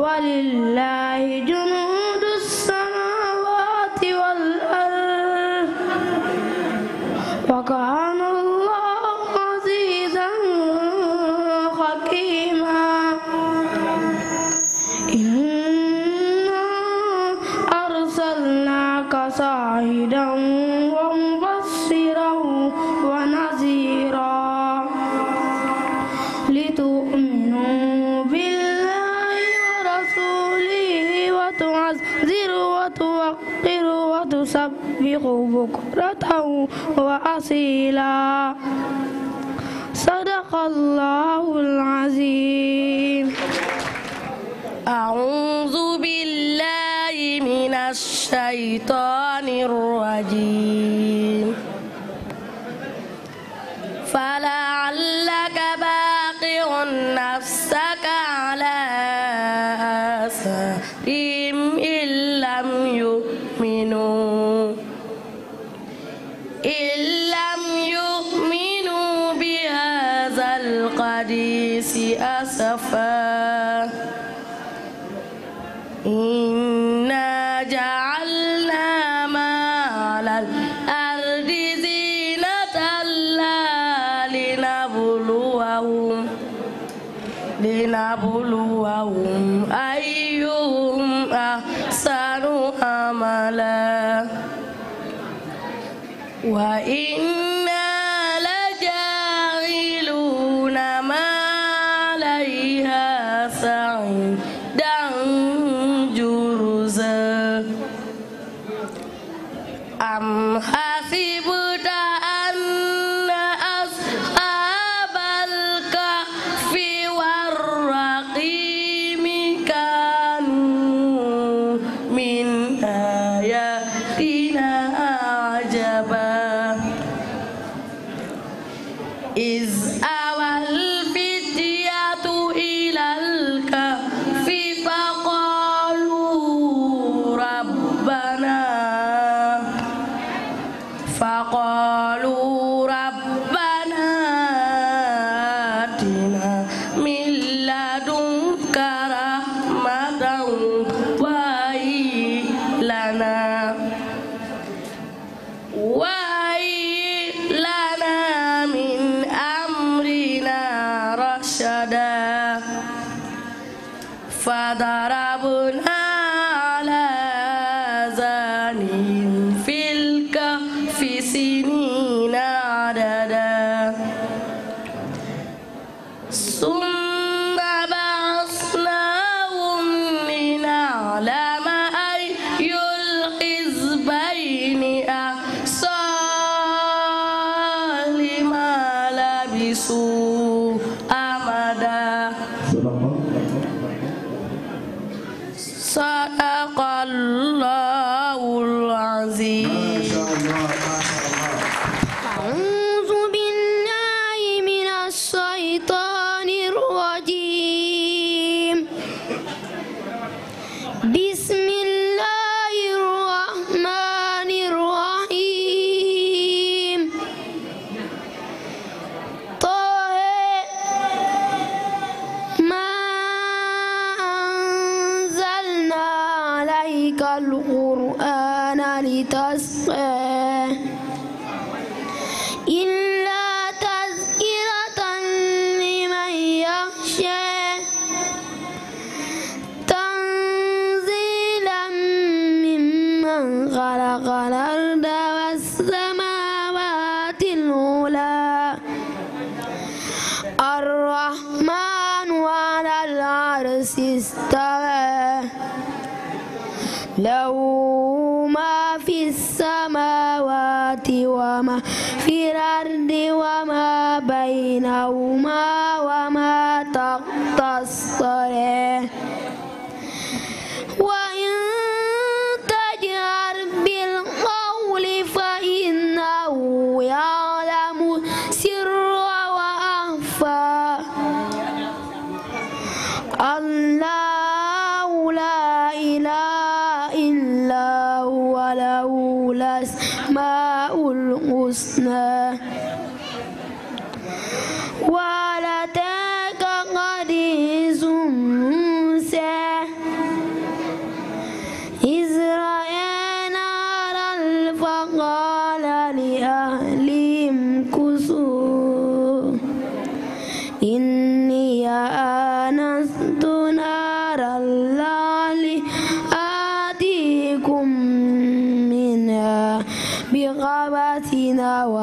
ولله جنود الشيطان see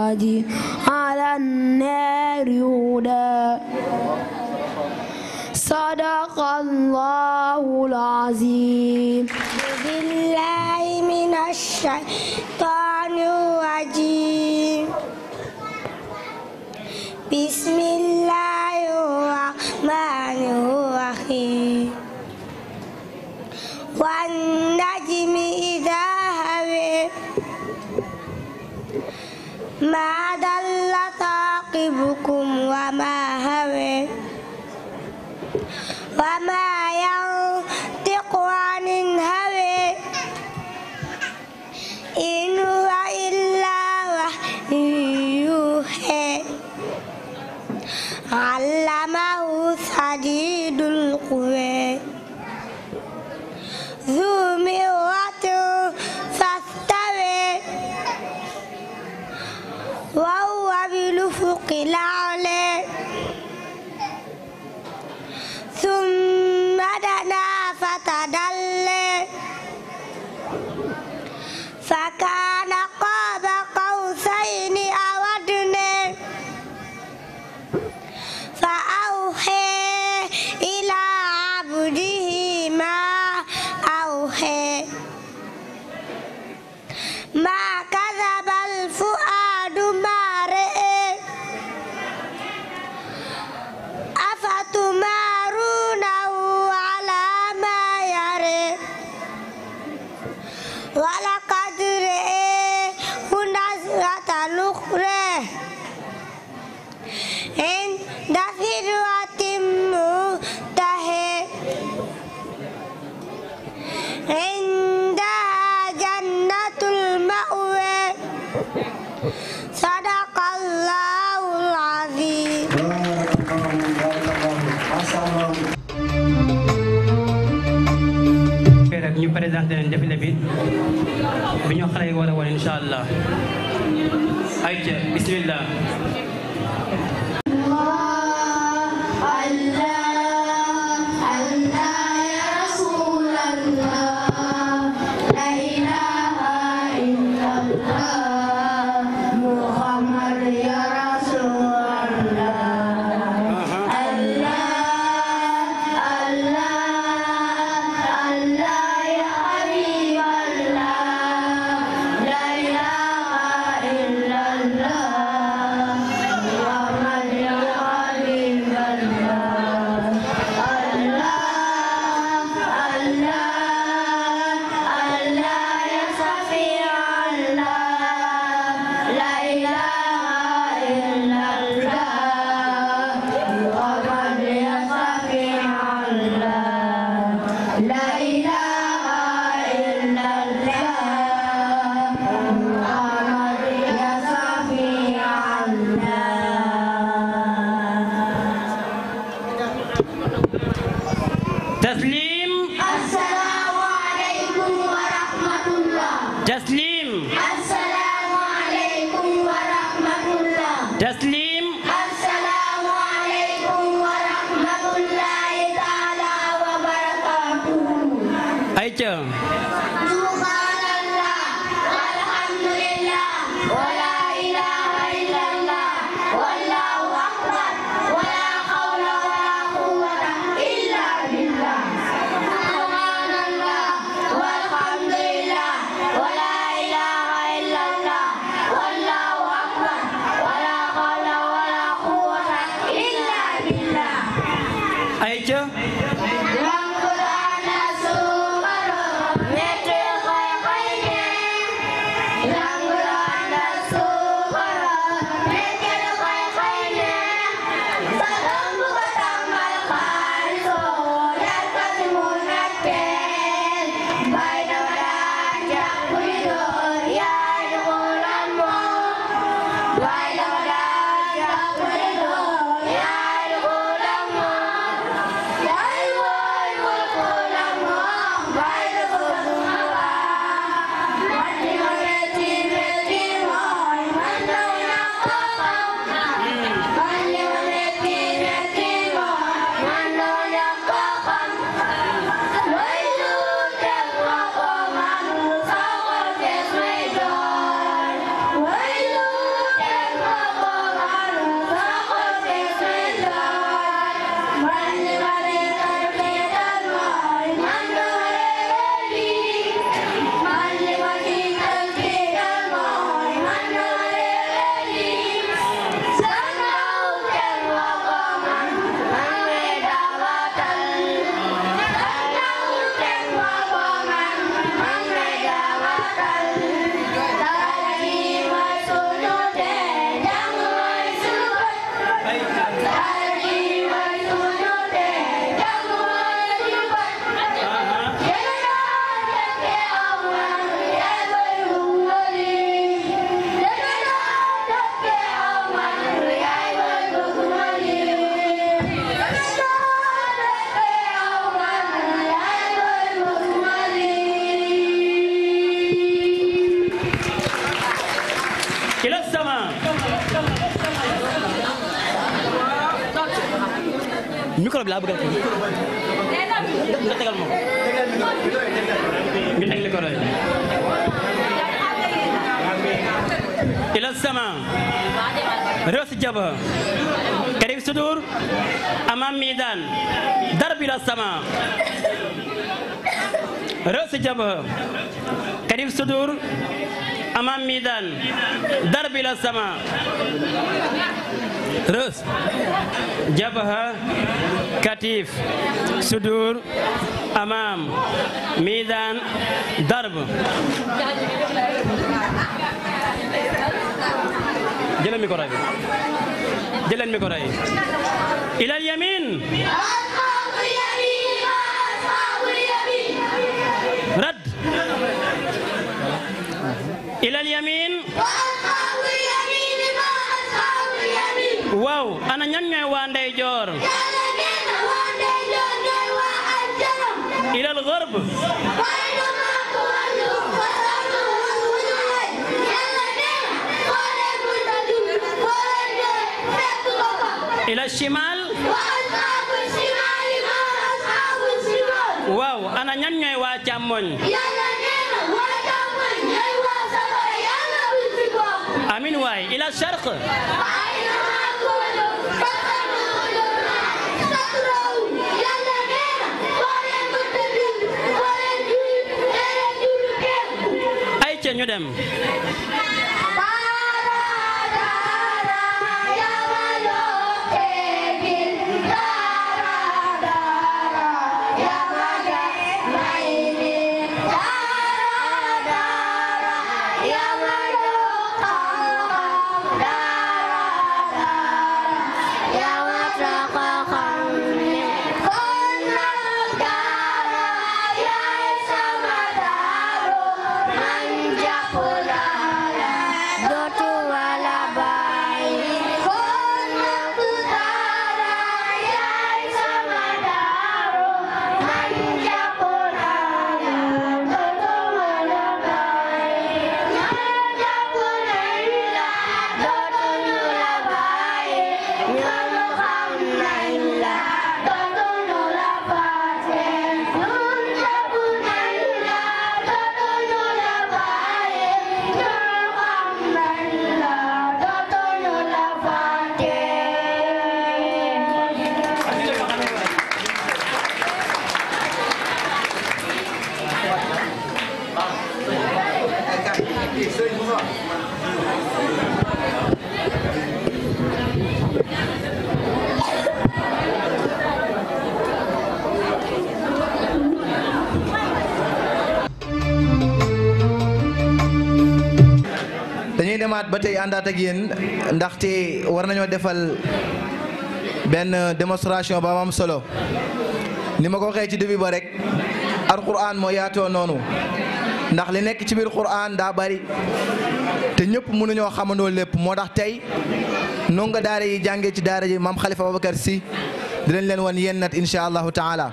الصراط على النار هدى صدق الله العظيم بالله من الشيطان الرجيم بسم الله الرحمن الرحيم والنجم Mama, hurry. Mama. leen défilé bi bi ñu xale yi war a wane incha allah ayca bismillah जब करीब सुदूर अमाम मैदान दर बिलसमा रोस जब करीब सुदूर अमाम मैदान दर बिलसमा terus jabha katif sudur amam midan darb Jalan mikorai, jalan mikorai. micro yi ilal yamin hidup. إلى الشمال وأصحاب الشمال ما أصحاب الشمال واو أنا نyanyi wacamun يا نانينا wacamun nyanyi wasaba يا نبي الشمال أمين واي إلى الشرق ñu dem ñëwaat ba tey àndaat ak yéen ndaxte war nañoo defal benn démonstration ba am solo ni ma ko waxee ci début ba rek alquran moo yaatoo noonu ndax li nekk ci biir quran daa bari te ñëpp mënuñoo xamandoo lépp moo tax tey ndongo daara yi jàngee ci daara ji maam xalifa Babacar Sy dinañ leen wan yennat incha allahu taala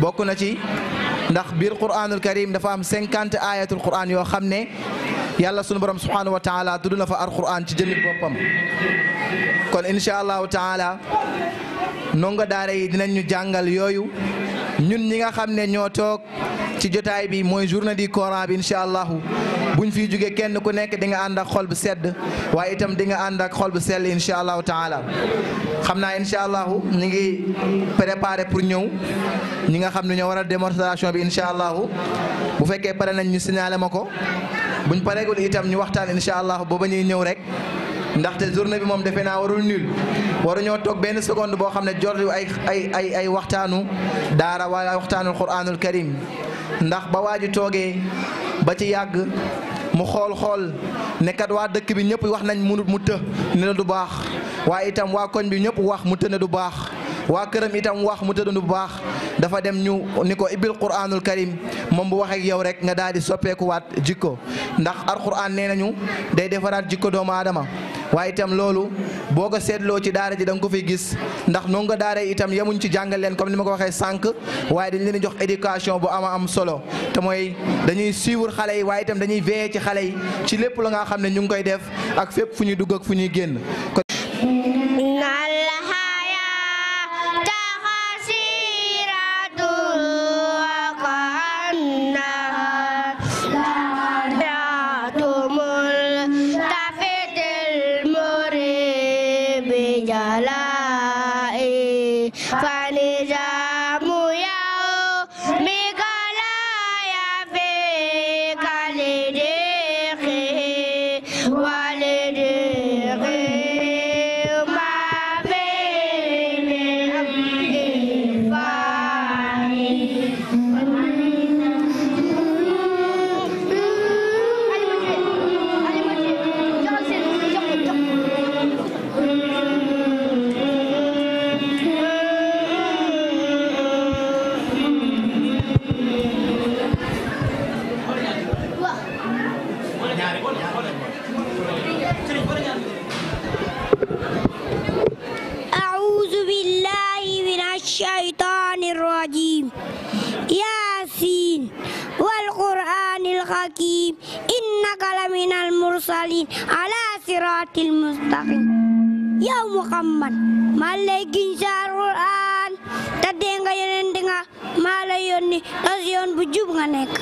bokk na ci ndax biir quranul karim dafa am cinquante ayatul quran yoo xam ne. yàlla sunu borom subhaanahu wa taala tudd na fa alquran ci jëmmi boppam kon incha allahu taala ndongo daara yi dinañ ñu jàngal yooyu ñun ñi nga xam ne ñoo toog ci jotaay bi mooy journée di Coran bi incha allahu buñ fi jugee kenn ku nekk di nga ànd ak xol bu sedd waaye itam di nga ànd ak xol bu sell incha allahu taala xam naa incha allahu ñu ngi préparé pour ñëw ñi nga xam ne ñoo war a démonstration bi incha allahu bu fekkee pare nañ ñu signalé ma ko buñ pareegul itam ñu waxtaan incha allahu ba ba ñuy ñëw rek. ndaxte journée bi moom defe naa warul nul waruñoo toog benn seconde boo xam ne jot ay ay ay ay waxtaanu daara wala waxtaanul quraanul karim ndax ba waa ji toogee ba ci yàgg mu xool xool nekkat waa dëkk bi ñëpp wax nañ munut mu të ne du baax waa itam waa koñ bi ñëpp wax mu të ne du baax waa këram itam wax mu tëddu bu baax dafa dem ñu ni ko ibil quraanul karim moom bu waxee yow rek nga daal di soppeekuwaat jikko ndax alquran nee nañu day defaraat jikko doomu aadama waaye itam loolu boo ko seetloo ci daara ji da nga ko fiy gis ndax ndongo daara yi itam yemuñ ci jàngal leen comme ni ma ko waxee sànq waaye dañ leen di jox éducation bu ama am solo te mooy dañuy suivre xale yi waaye itam dañuy veiller ci xale yi ci lépp la nga xam ne ñu ngi koy def ak fépp fu ñuy dugg ak fu ñuy génn mursaliin alaa siraatil mustaqiim yow Muhammad maa lay giñ sa Alxuraan te dee nga nga maa lay yónni tas yoon bu jub nga nekk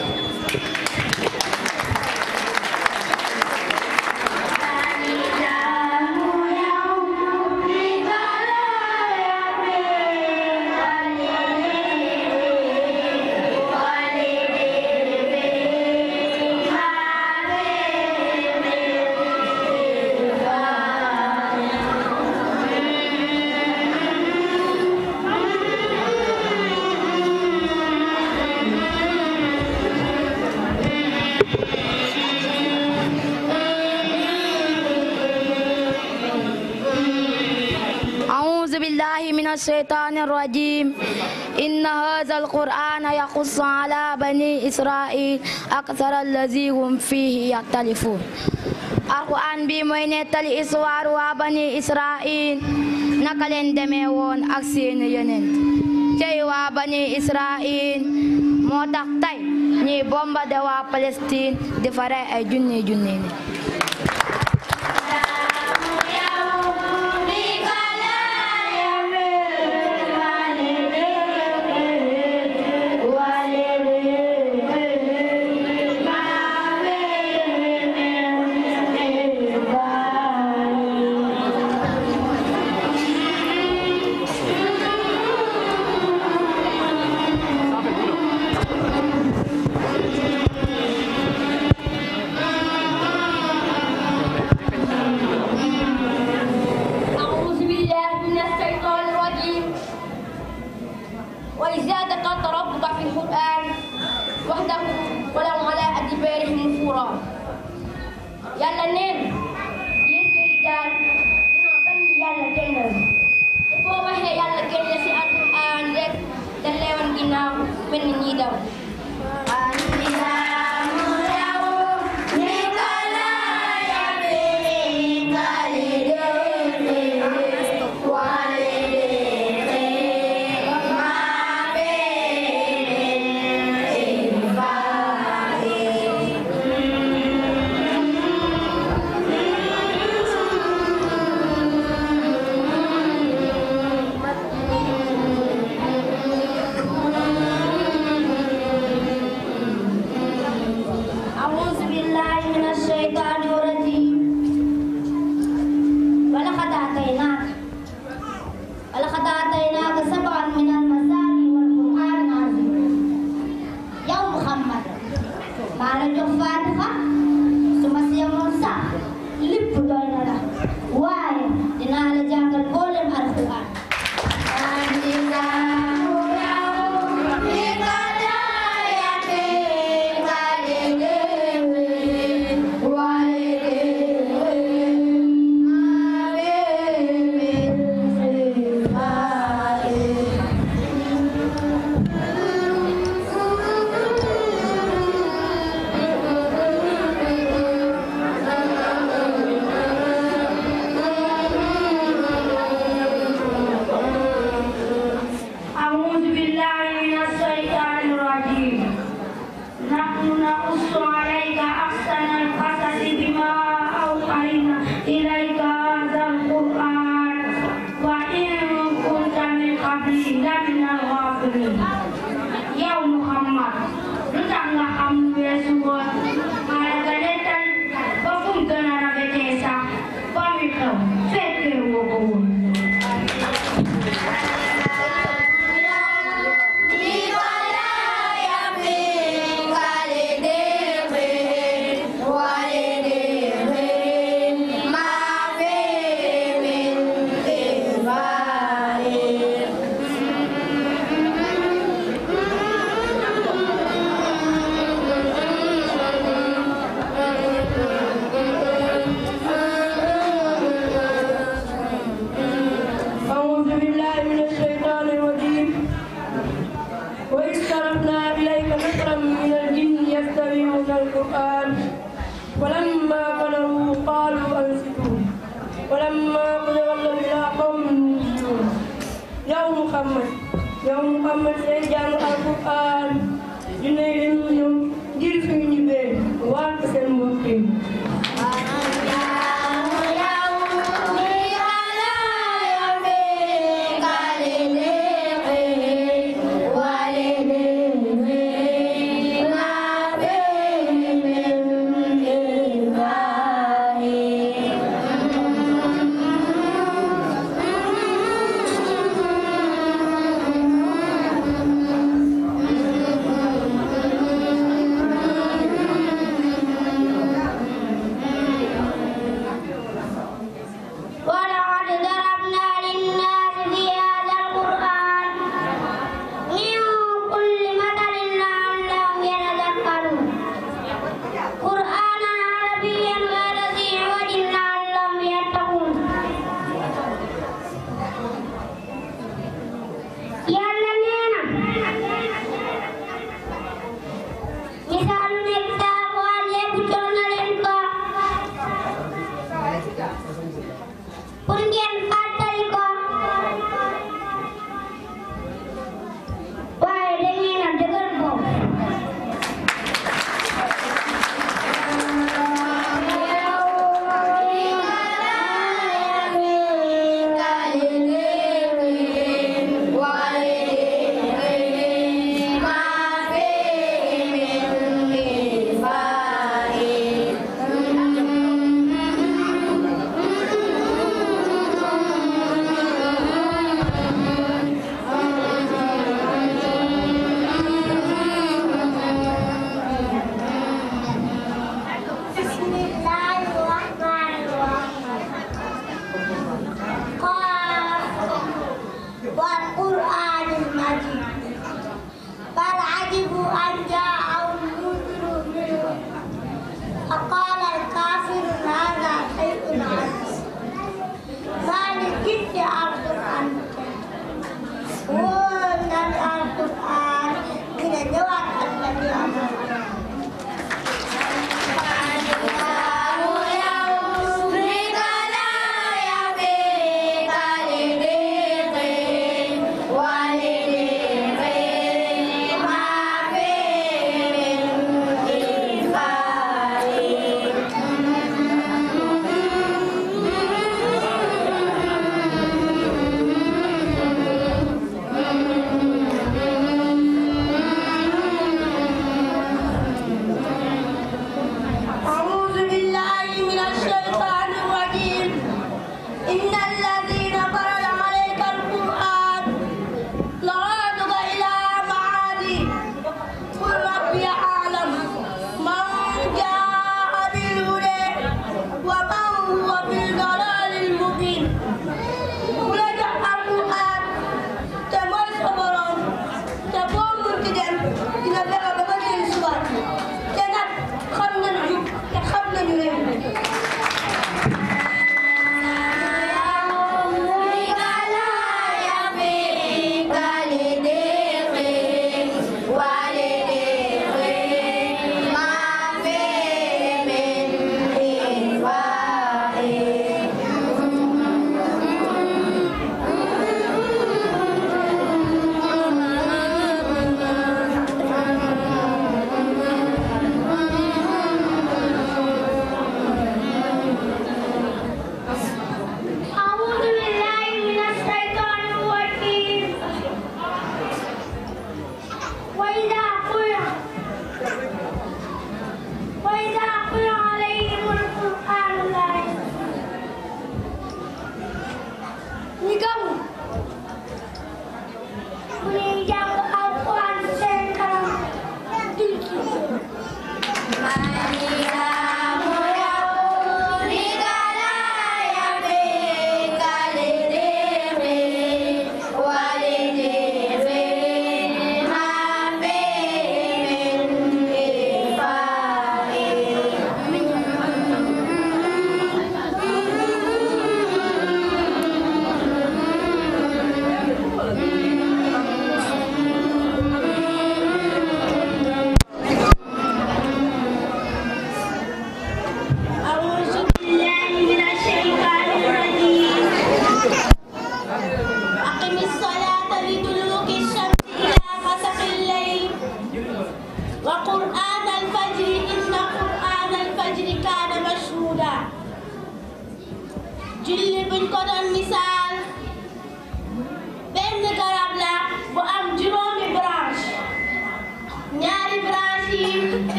الشيطان الرجيم إن هذا القرآن يقص على بني إسرائيل أكثر الذي هم فيه يختلفون القرآن بمين تلي إسوار وبني إسرائيل نقلن دميون أكسين ينين جي وبني إسرائيل موتاك تاي ني بومبا دوا فلسطين دفرة جني جنيني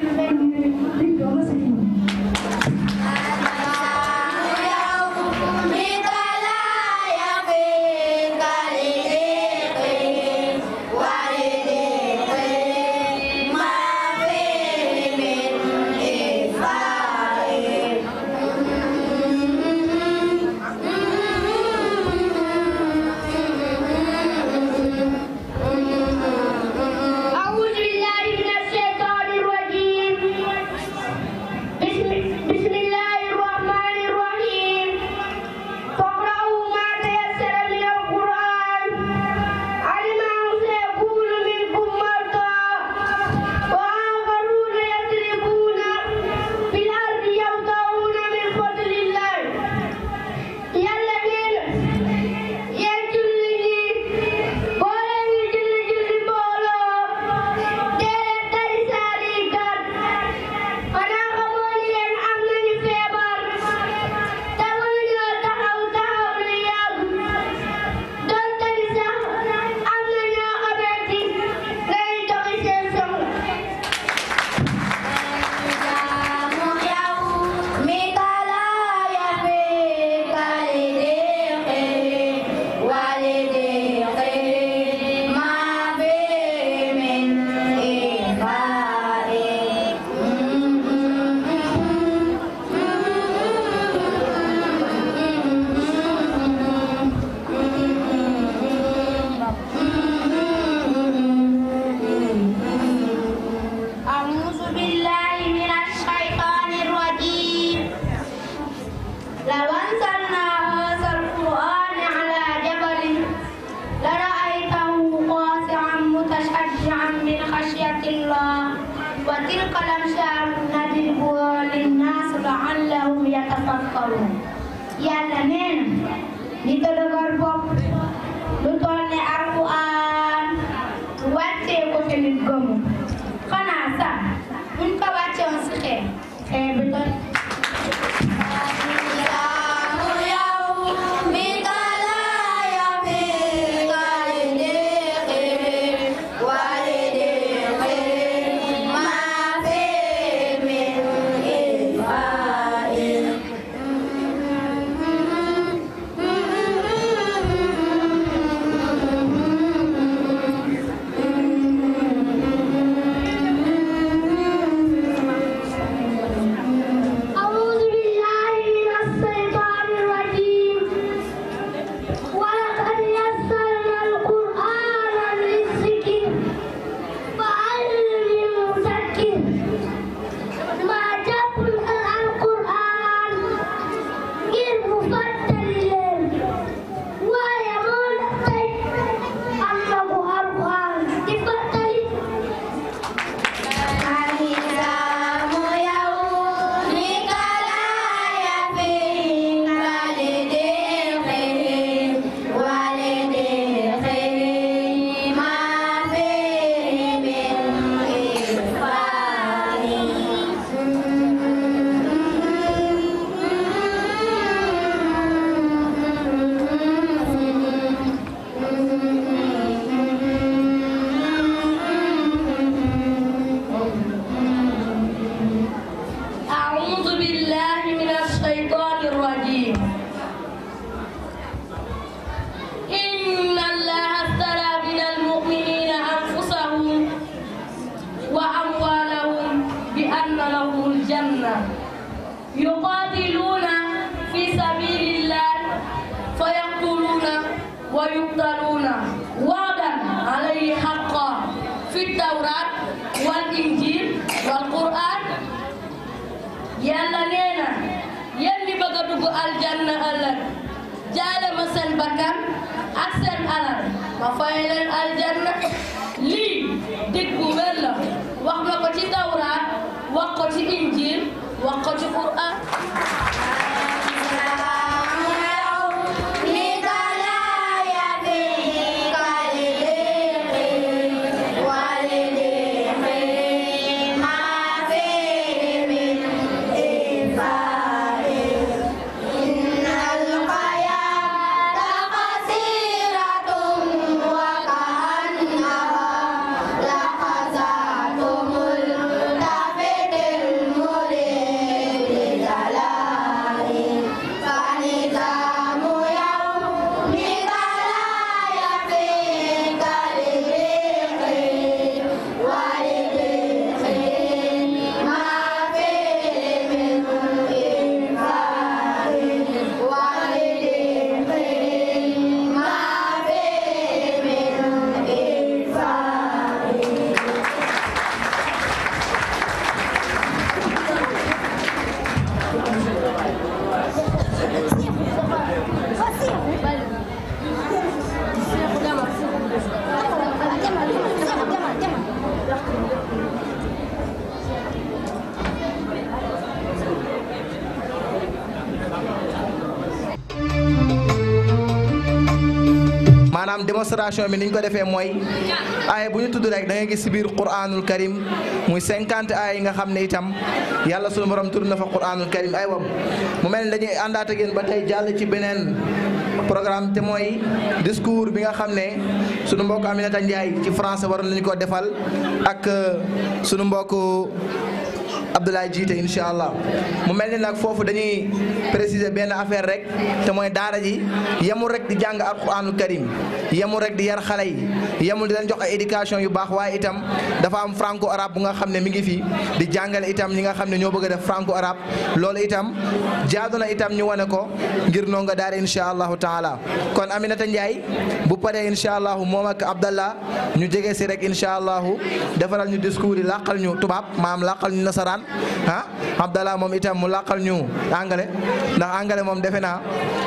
Thank you. maanaam démonstration bi ni ñu ko defee mooy aaya bu ñu tudd rek da ngay gis si biir quraanul karim muy cinquante aaya yi nga xam ne itam yàlla sunu borom tudd na fa quraanul karim ay wam mu mel ni dañuy àndaat ak yéen ba tey jàll ci beneen programme te mooy discours bi nga xam ne sunu mbokk Aminata Ndiaye ci français waroon lañu ko defal ak euh, sunu mbokk Abdoulaye jiite incha allah mu mel ni nag foofu dañuy préciser benn affaire rek te mooy daara ji yamul rek di jàng alquraanul karim yamul rek di yar xale yi yemul di leen jox a éducation yu baax waaye itam dafa am franco arabe bu nga xam ne mi ngi fi di jàngale itam ñi nga xam ne ñoo bëgg a def franco arabe loolu itam jaadu na itam ñu wane ko ngir ndongo daar incha allahu taala kon Aminata Ndiaye bu paree incha allahu moom ak Abdallah ñu jege si rek incha allahu defaral ñu discours yi làqal ñu tubaab maam làqal ñu nasaraan ah Abdallah moom itam mu làqal ñu angale ndax angale moom defe naa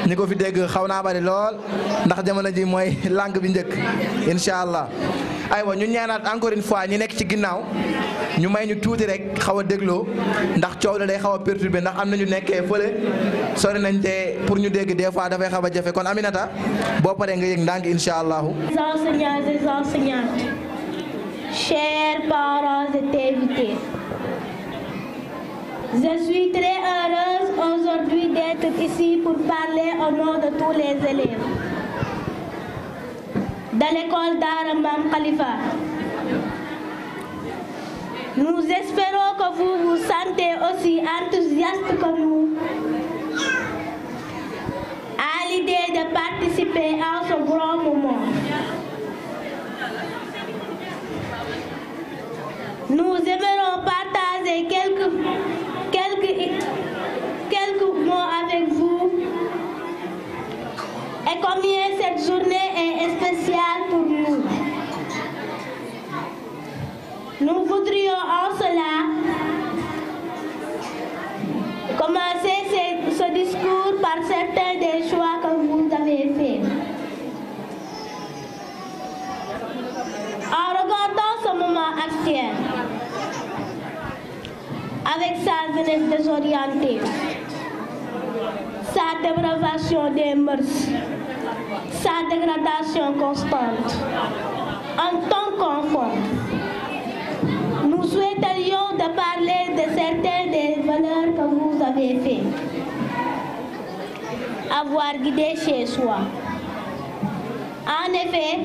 ñu ko fi dégg xaw naa bari lool ndax jamono ji mooy langue bi njëkk incha allah. aywa ñu ñaanaat encore une fois ñu nekk ci ginnaaw ñu may ñu tuuti rek xaw a dégloo ndax coow la day xaw a perturbé ndax am na ñu nekkee fële sori nañ te pour ñu dégg des fois dafay xaw a jafe kon Aminata boo paree nga yëg ndànk incha allahu. les parents et Je suis très heureuse aujourd'hui d'être ici pour parler au nom de tous les élèves de l'école d'Aramam Khalifa. Nous espérons que vous vous sentez aussi enthousiaste que nous à l'idée de participer à ce grand moment. Nous aimerons partager quelques, quelques, quelques mots avec vous. Et combien cette journée est spéciale pour nous. Nous voudrions en cela commencer ce, ce discours par certains des choix que vous avez faits. En regardant avec sa jeunesse désorientée, sa dépravation des mœurs, sa dégradation constante. En tant qu'enfant, nous souhaiterions de parler de certaines des valeurs que vous avez faites. Avoir guidé chez soi. En effet,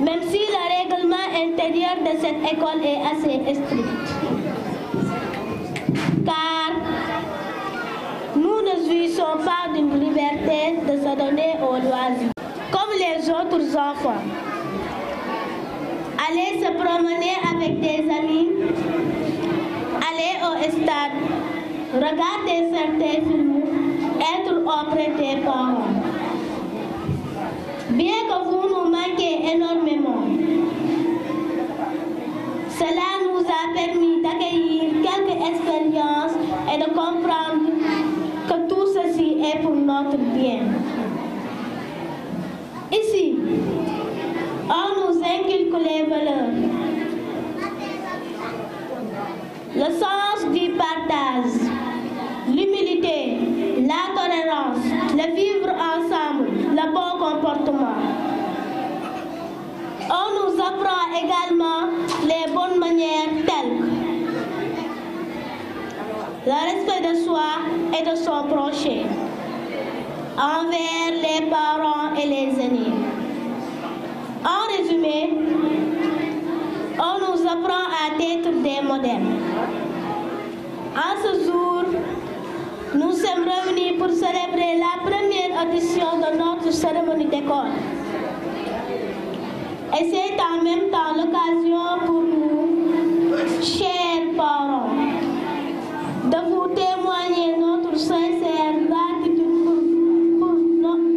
même si le règlement intérieur de cette école est assez strict. Car nous ne jouissons pas d'une liberté de se donner aux loisirs, comme les autres enfants. Aller se promener avec des amis, aller au stade, regarder certains films, être auprès des parents. énormément. Cela nous a permis d'accueillir quelques expériences et de comprendre que tout ceci est pour notre bien. Ici, on nous inculque les valeurs. Le sang également les bonnes manières telles que le respect de soi et de son prochain envers les parents et les aînés. En résumé, on nous apprend à être des modèles. En ce jour, nous sommes revenus pour célébrer la première audition de notre cérémonie d'école. Et c'est en même temps l'occasion pour nous, chers parents, de vous témoigner notre sincère gratitude pour,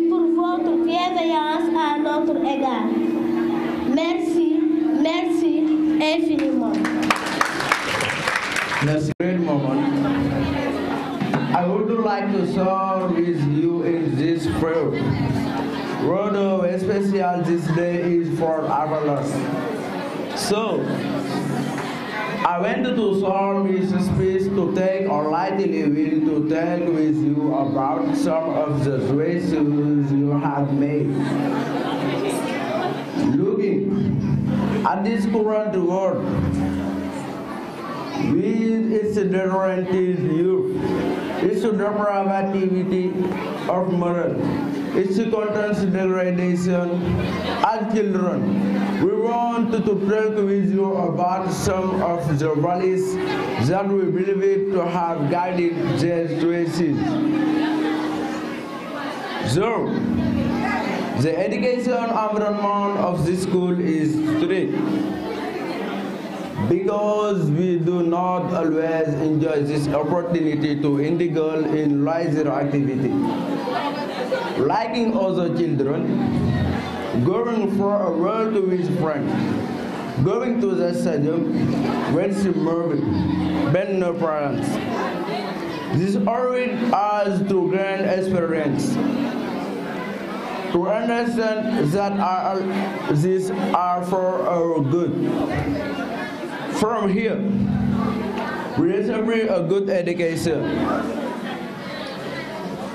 pour, votre bienveillance à notre égard. Merci, merci infiniment. Merci, I would like to serve with you in this prayer. Word of especial this day is for our So, I went to some his speech to take or lightly will to take with you about some of the choices you have made. Looking at this current world, with its different youth, its depravity of morals its contains degradation and children. We want to talk with you about some of the values that we believe to have guided their choices. So, the education environment of this school is strict because we do not always enjoy this opportunity to indulge in leisure activity liking other children, going for a world with friends, going to the stadium when she moving, but no parents. This always adds to grand experience. To understand that are, these are for our good. From here, we receive a good education.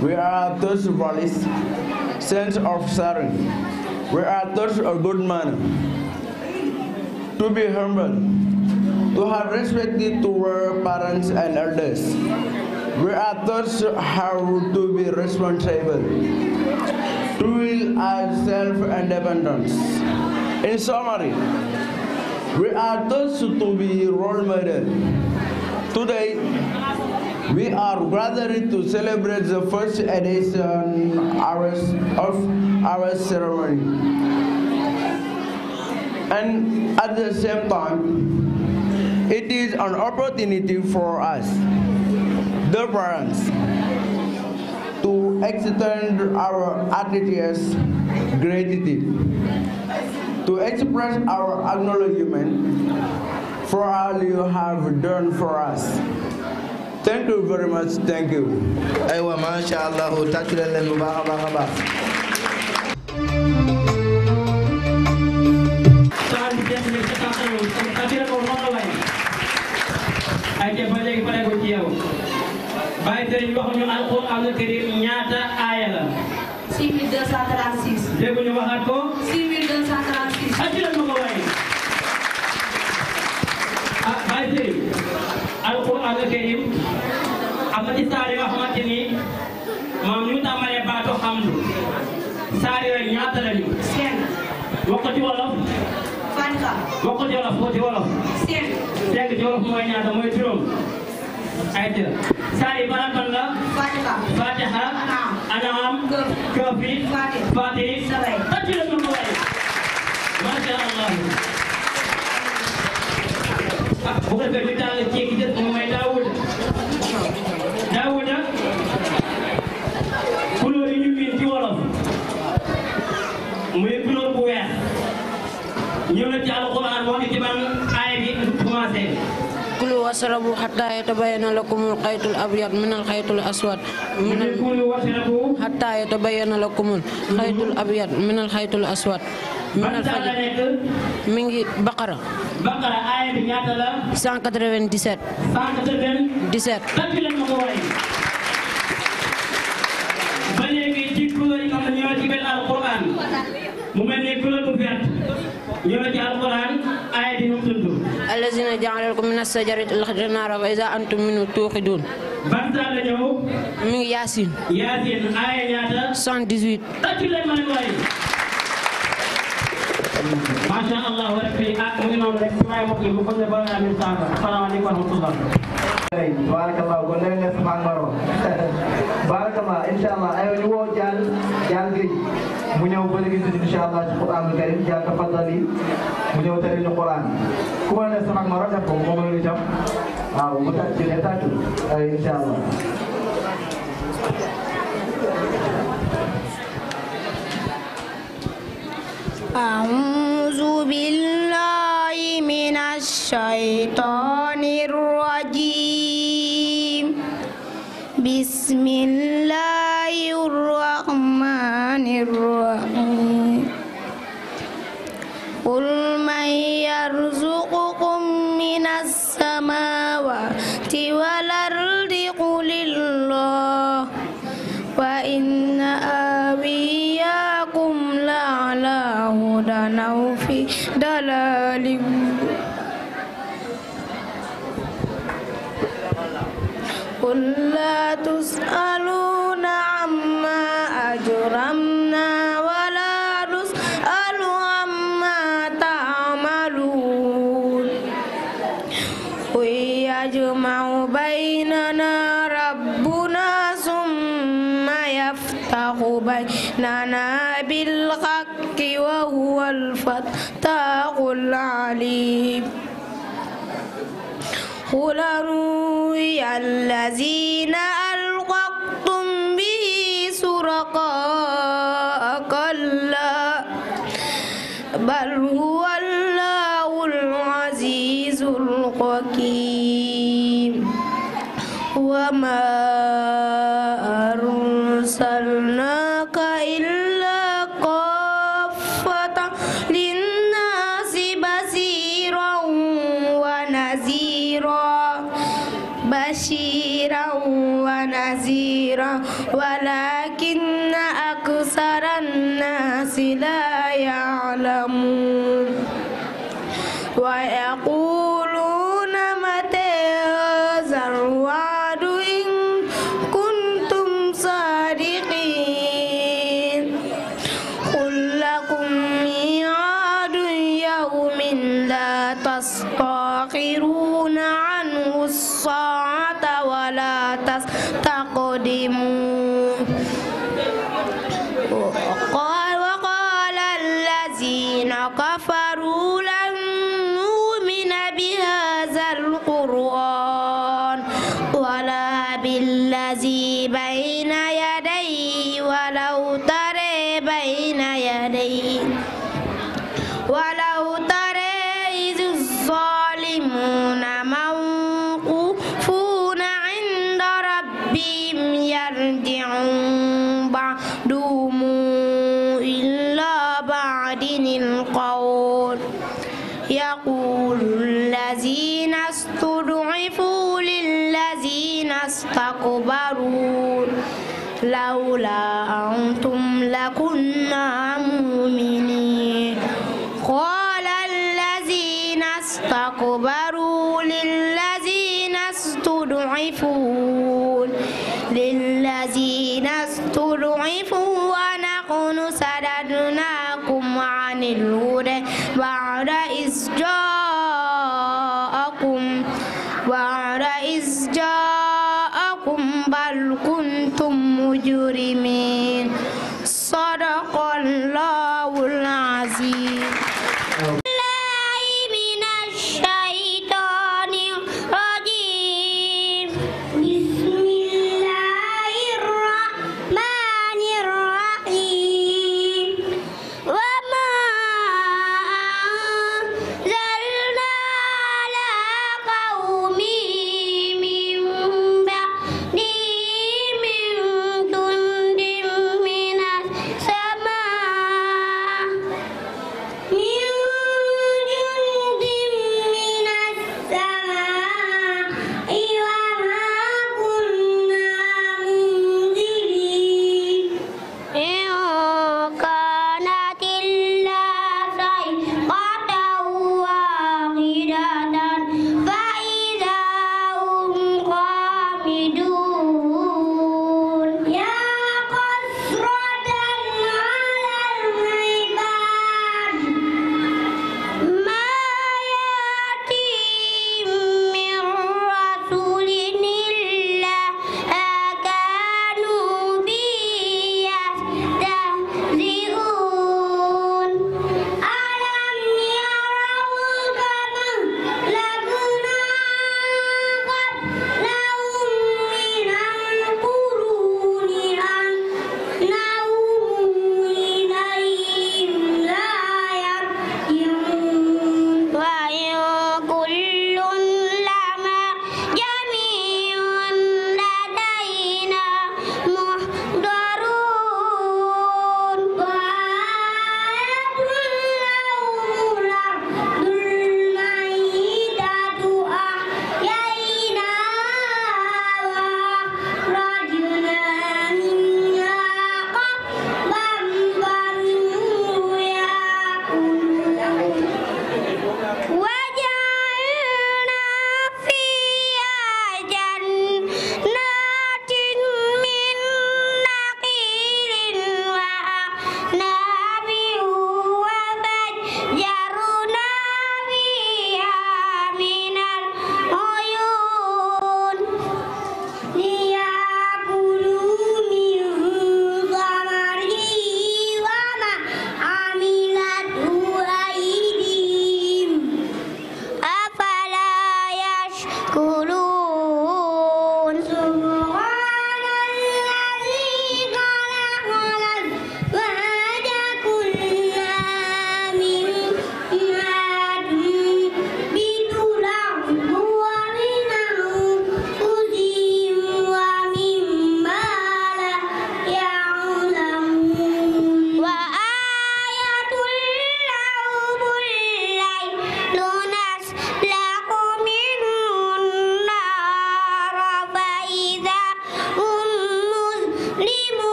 We are those valleys, sense of Sarin. We are those a good man. To be humble, to have respect our parents and elders. We are those how to be responsible, to be self-independence. In summary, we are those to be role model. Today, we are gathered to celebrate the first edition of our ceremony. And at the same time, it is an opportunity for us, the parents, to extend our attitudes gratitude, to express our acknowledgement for all you have done for us. thank you very much baax a baax a baax. wax ko jolof ko ci wolof. seeg seeg ci wolof mooy ñaata mooy juróom. ay jë saar yi ban ban la. Fatiha. Fatiha. Anam. Këf Këfi. Fati. Fati. Sabay. tàcc la ñu ko waay. macha allah. ah bu ko defee ñu tànn ceeb gi na ci alquran wax ni ci ban aaya bi commencé kulu wasrabu xataa yatabayana lakumul xaytul abyad minal xaytul aswad minal kulu wasrabu xataa yatabayana lakumul xaytul xaytul aswad mi ngi baqara baqara aaya bi ñaata la 197 197 tan bi آية الذين جعل لكم من الشجر الخضر نارا واذا انتم منه توقدون من ياسين ياسين آية ياتا 118 تكي لما نوائي ما شاء الله ورحمة أمين الله ورحمة الله ورحمة الله ورحمة الله ورحمة الله ورحمة الله ورحمة بارك الله غنينا سبحان مرو بارك الله إن شاء الله أيوة جوا جال جال جري mu ñëw ba léegi tudd incha allah ci quran al karim yàlla tafaddali mu ñëw tari ñu quran ku ma ne sama ma rafet ko moom la ñu jam waaw mu tàcc ne tàcc ay incha أعوذ بالله من الشيطان الرجيم بسم الله الرحمن الرحيم قل من يرزقكم من السماوات والأرض قل الله وإن أبيكم لعلى هدى أو في ضلال قل لا تسألون عما أجرمنا لنا بالحق وهو الفتاق العليم قل روي الذين ألقتم به سرقا كلا بل هو الله العزيز الحكيم وما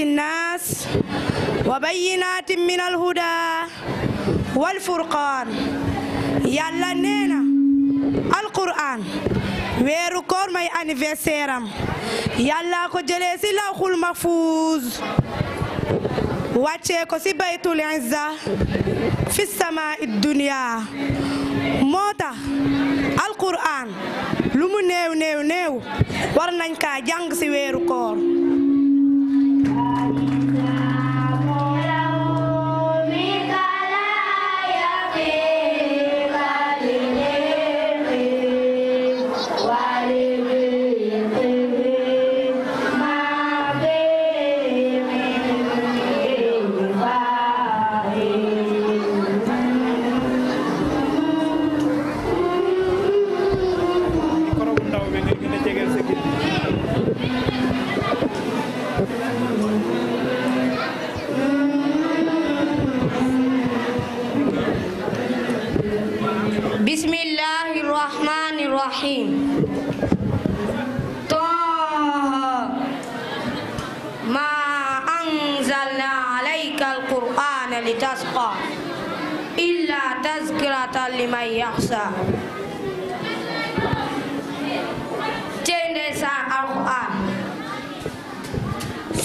للناس وبينات من الهدى والفرقان yàlla nee na alquraan weeru koor may anniversaire am yàlla ko jëlee ci lawxul mahfuuz wàccee ko ci baytul izza fi samaa'i dunya moo tax alquraan lu mu néew néew néew war nañ kaa jàng ci weeru koor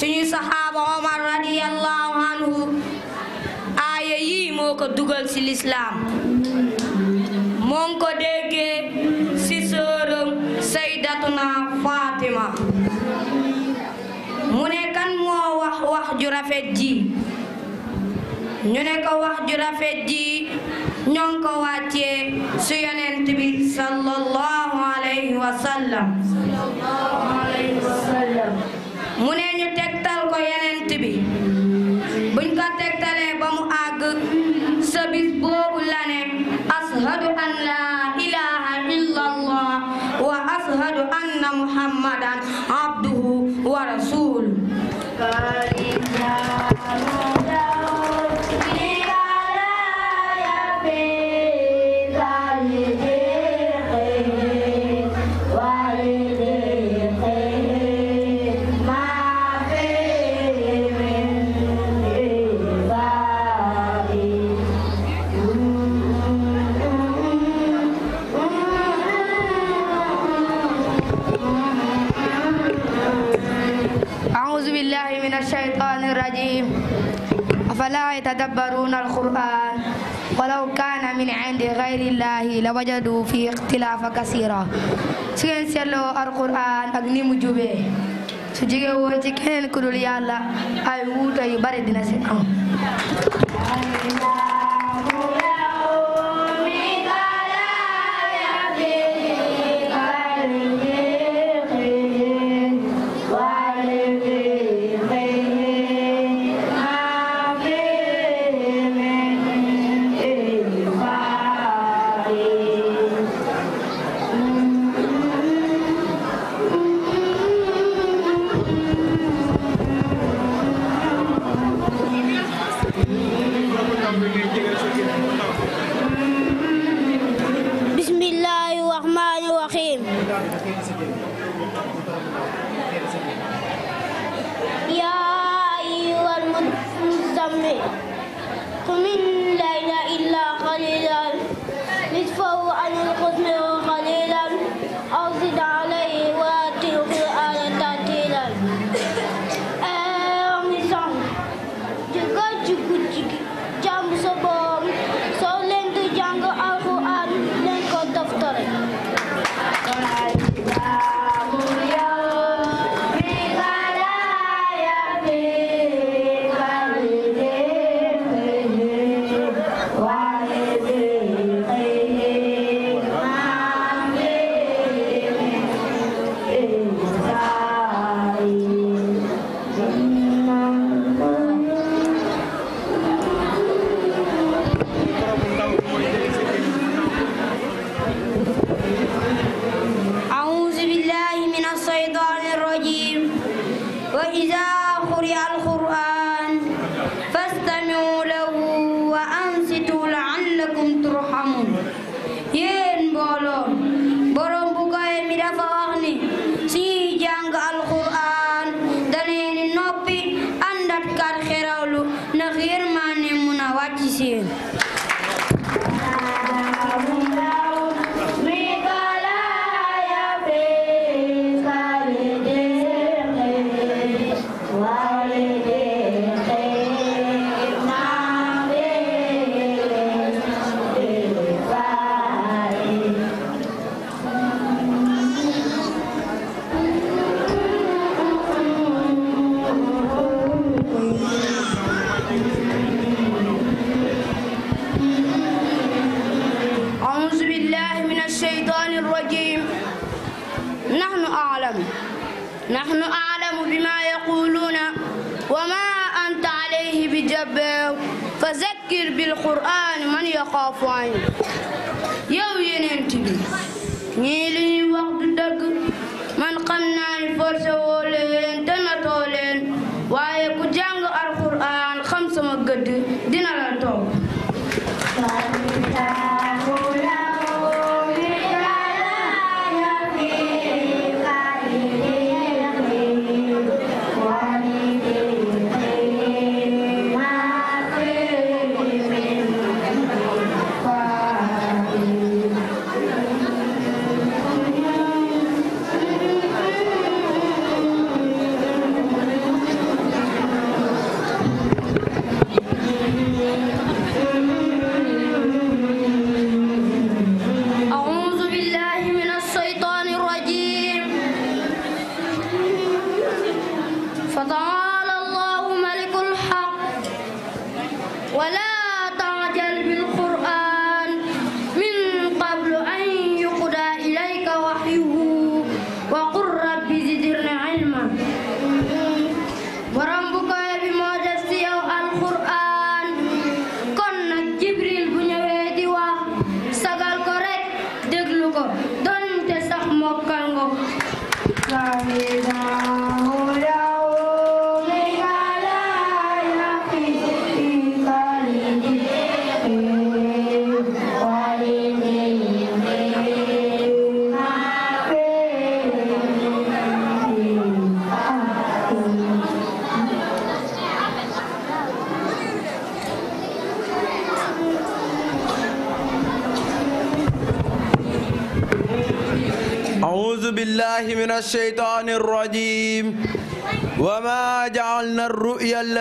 ñu saxaaba omar radiallahu anhu aaya yii moo ko dugal ci lislaam moom ko déggee ci sëram saydatuna fatima mu ne kan moo wax wax ju rafet ji ñu ne ko wax ju rafet ji ñoo ko wàccee su yonent bi sallallahu alayhi wa sallam la wajadu fi ixtilaafa kasira su ngeen seetloo alquran ak ni mu jubee su jege woo ci keneen ku yàlla ay wuute yu bari dina si am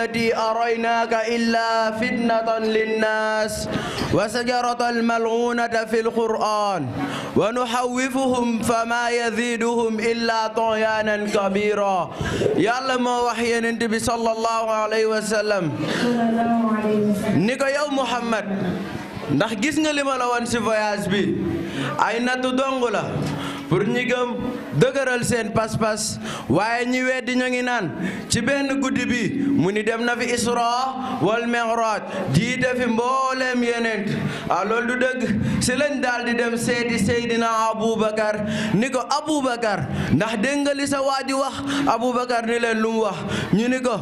الذي أريناك إلا فتنة للناس وشجرة الملعونة في القرآن ونحوفهم فما يزيدهم إلا طغيانا كبيرا يا يعلم وحي النبي صلى الله عليه وسلم نيكو يا محمد ndax gis nga li la won ci voyage bi ay natou dong la pour ñi gëm dëgëral seen pas-pas waaye ñi weddi ñoo ngi naan ci benn guddi bi mu ni dem na fi isra wal mi'raj jiite fi mbooleem yenent a ah, loolu du dëgg si lañ daal di dem seeti seydina aboubacar niko ko ndax dégg nga li sa waa ji wax aboubacar ni leen lu mu wax ñu ni ko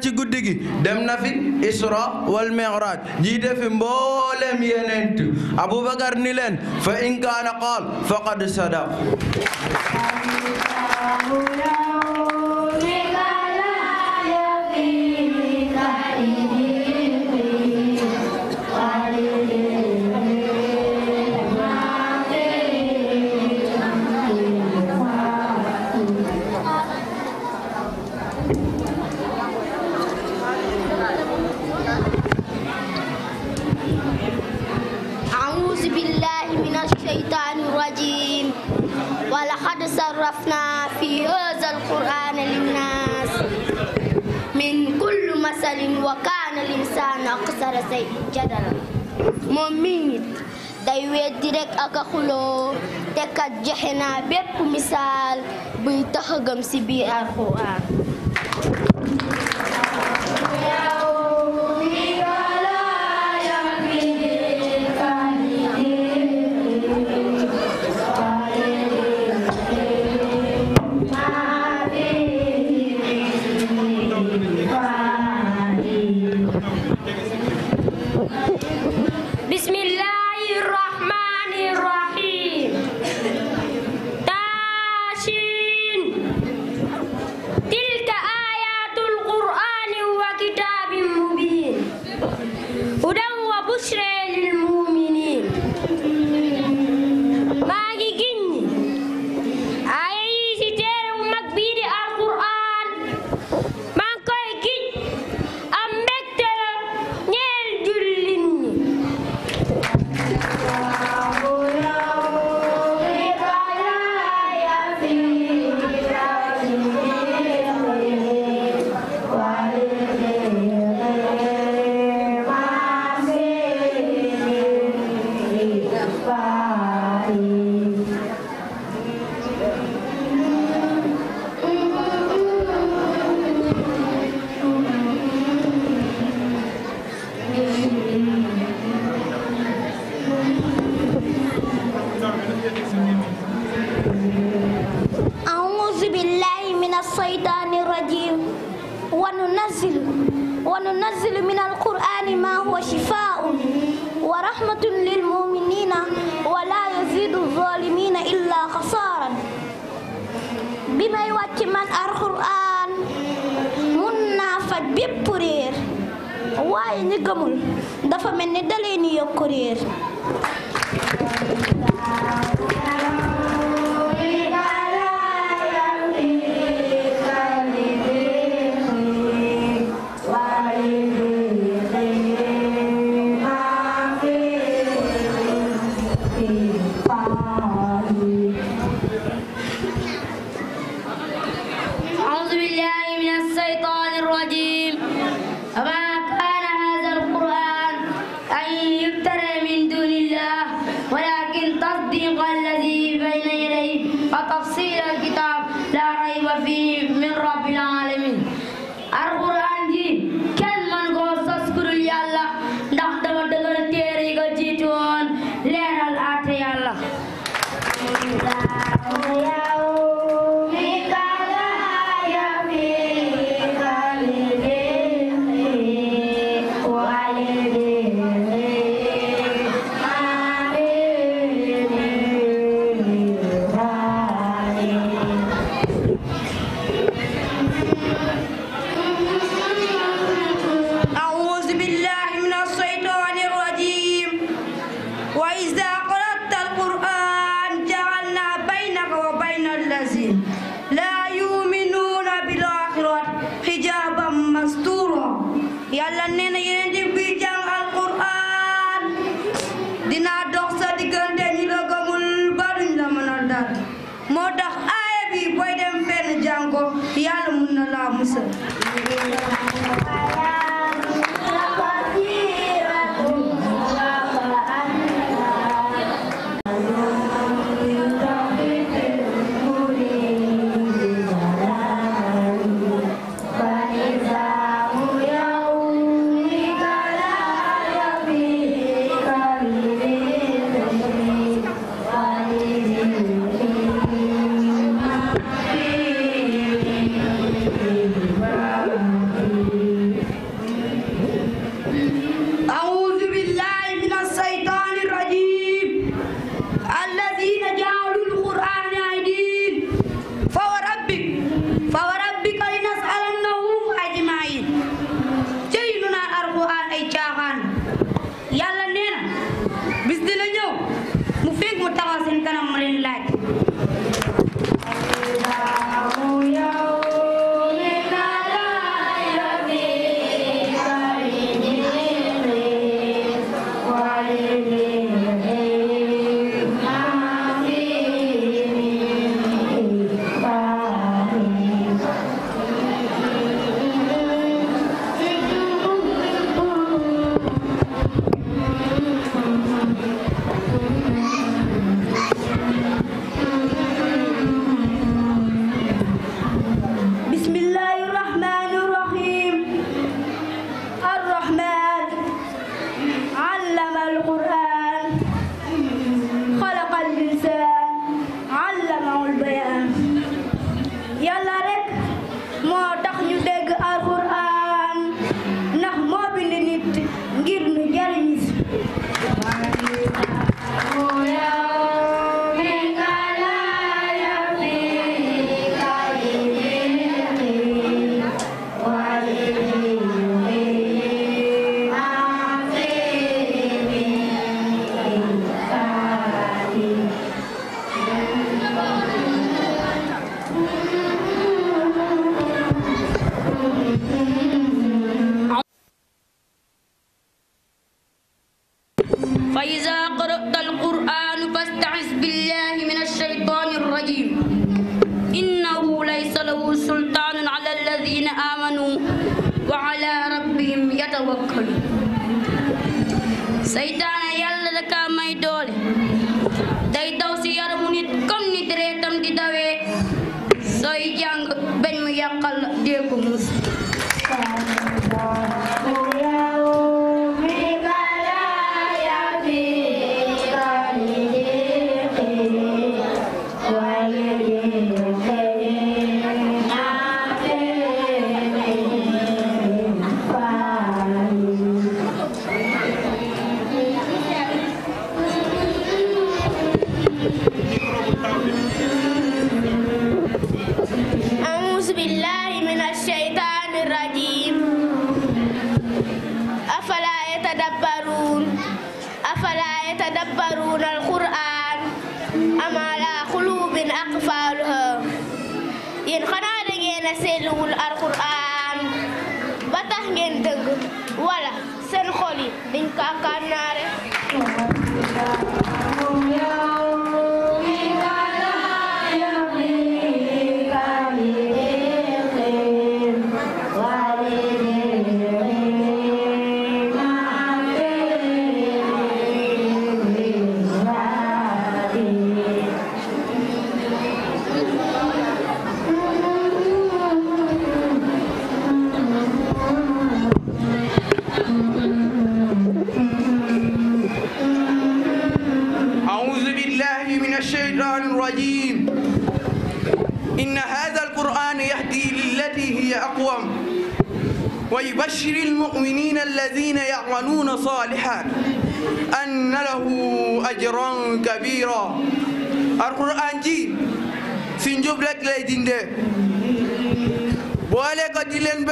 ci guddi gi dem na fi isra wal mi'raj jiite fi mbooleem yenent aboubacar ni fa in kaana qaal faqad sada Hallelujah. ak a xuloo te kat joxe naa bépp misaal buy tax a gëm ci biir alxuraan Bismillahirrahmanirrahim.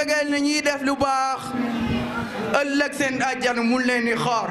بغال ني داف لو باخ الاك سين اجال مول خار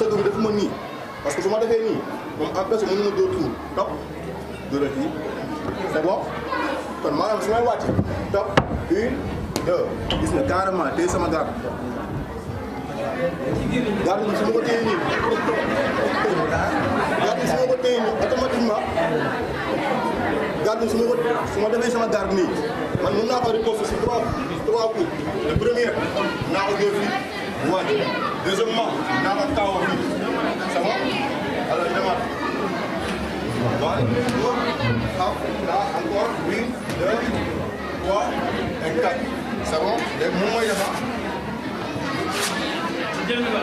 sëgg bi defuma nii parce que su ma defee nii moom empêche mënu ma dóor tuur topp dóoral fii c'est bon kon maanaam su may wàcc topp une deux gis nga carrément téye sama garde garde bi su ma ko téye nii garde su ma ko téye nii automatiquement garde su ma ko defee sama garde nii man mën naa ko riposte si trois trois coups le premier naa ko dóor fii wàcc deuxièmement naan ak taawam bi ça va alors demal voilà donc xam naa encore une deux trois et quatre ça va léegi moom mooy defar. jënd ba.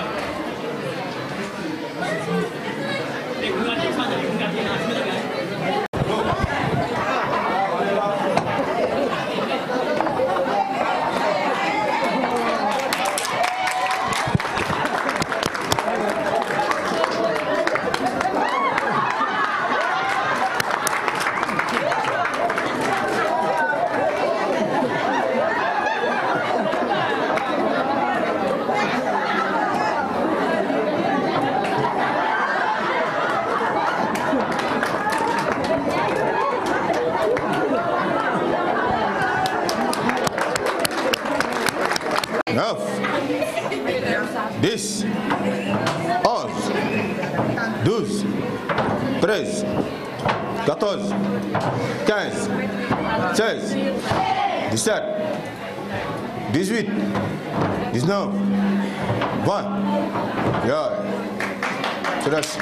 Gracias.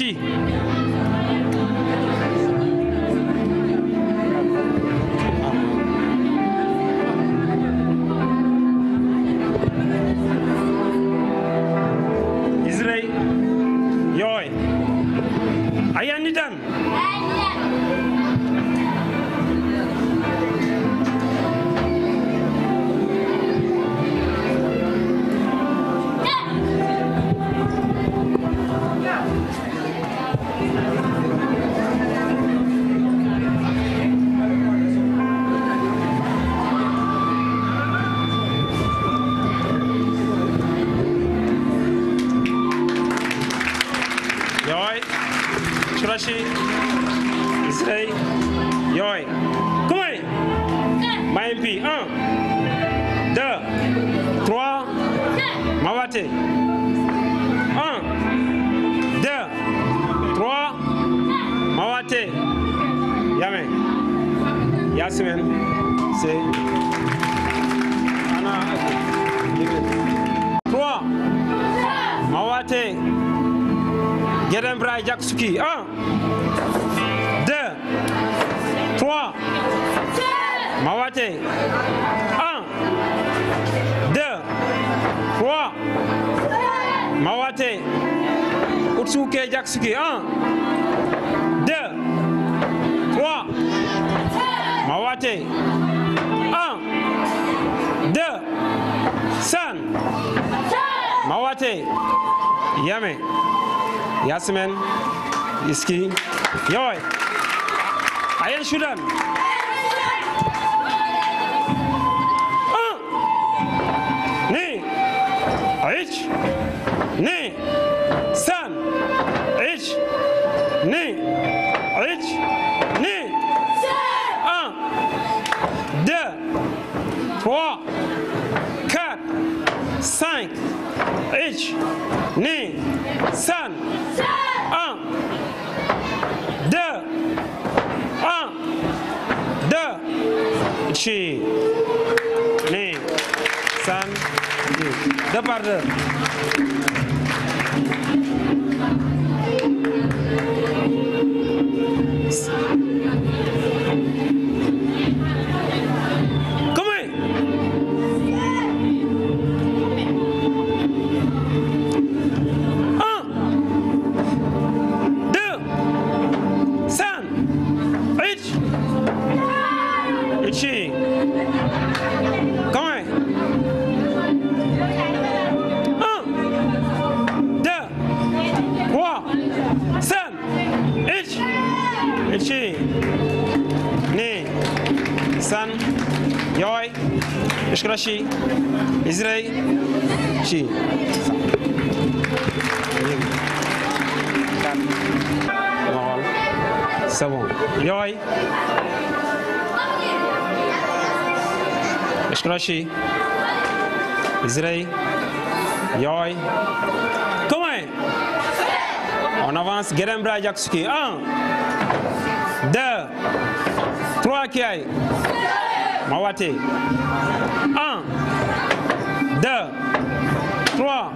X. Thank you. спортсмен иски йой аян шудан не аич не сан аич не аич не сан 1 2 3 4 5 H, N, S, çıkardı. Proši. Vyzrej. Joj. come On On avance, get Guérin bras Jaksuki. Un, deux, trois qui aille. Mawati. Un, deux, trois.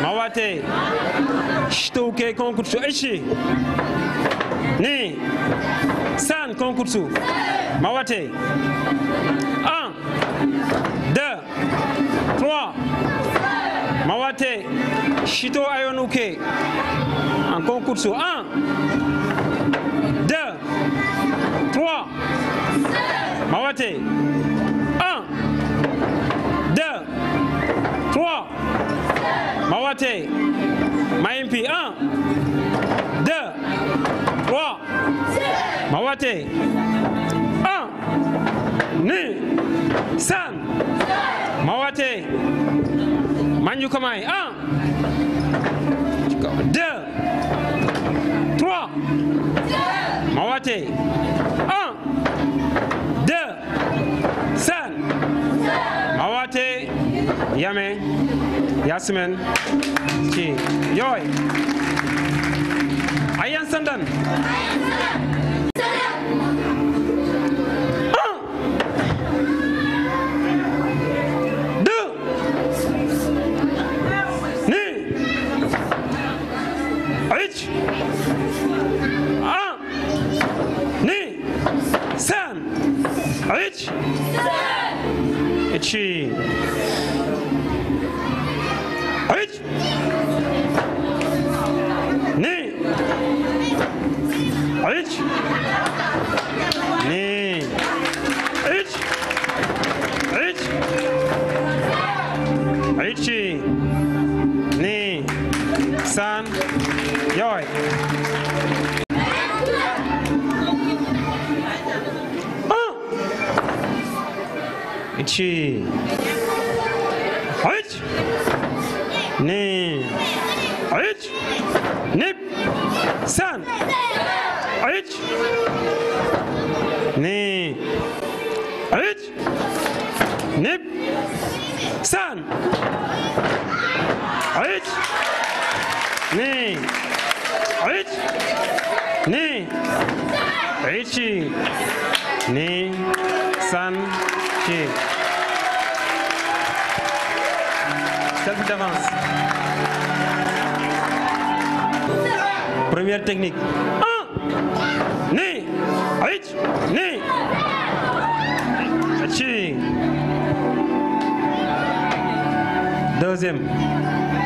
Mawati. Chitouke konkutu. Ishi. Ni. San Konkursu Mawate 1 2 3 Mawate Shito Ayonuke en Konkursu 1 2 3 Mawate 1 2 3 Mawate Maimpi 1 ma woote un ni san ma woote manju komay un deux trois ma woote un deux san ma woote yame yasimen ci yooy ayan sandan Üç. İki. Üç. Ne? Üç. Açı. Aç. Ne? Aç. Ne? Sen. Aç. Ne? Aç. Ne? Sen. Aç. Ne? Aç. Ne? Aç. Ne? Sen. Şey. Salut d'avance. Première technique. Un. Deuxième. Un.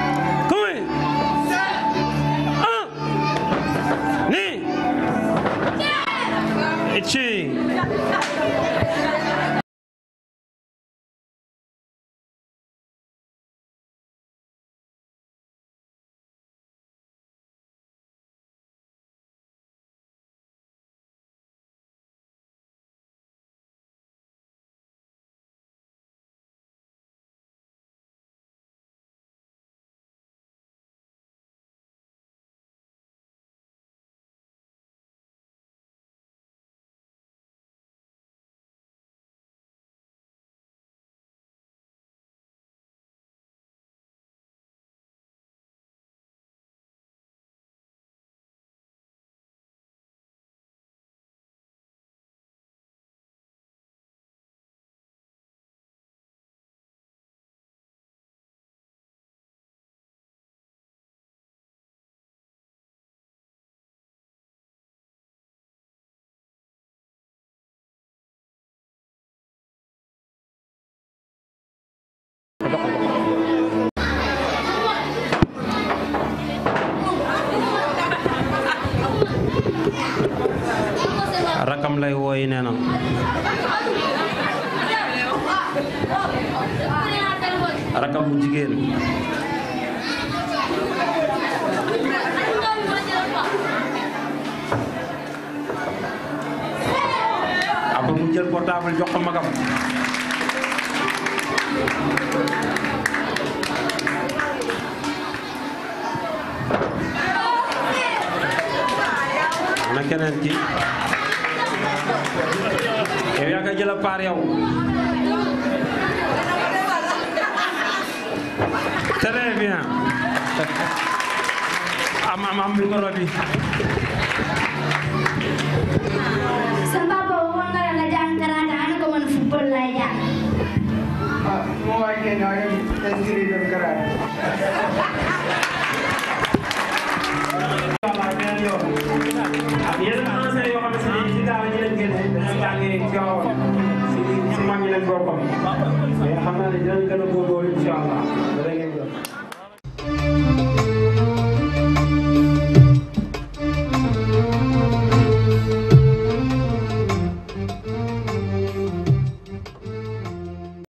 mak mak mak mak Mau aja nyari, tensi di dalam kerajaan. Apa yang mau saya lakukan? Saya tidak akan menjadi kawan. Saya akan menjadi kawan.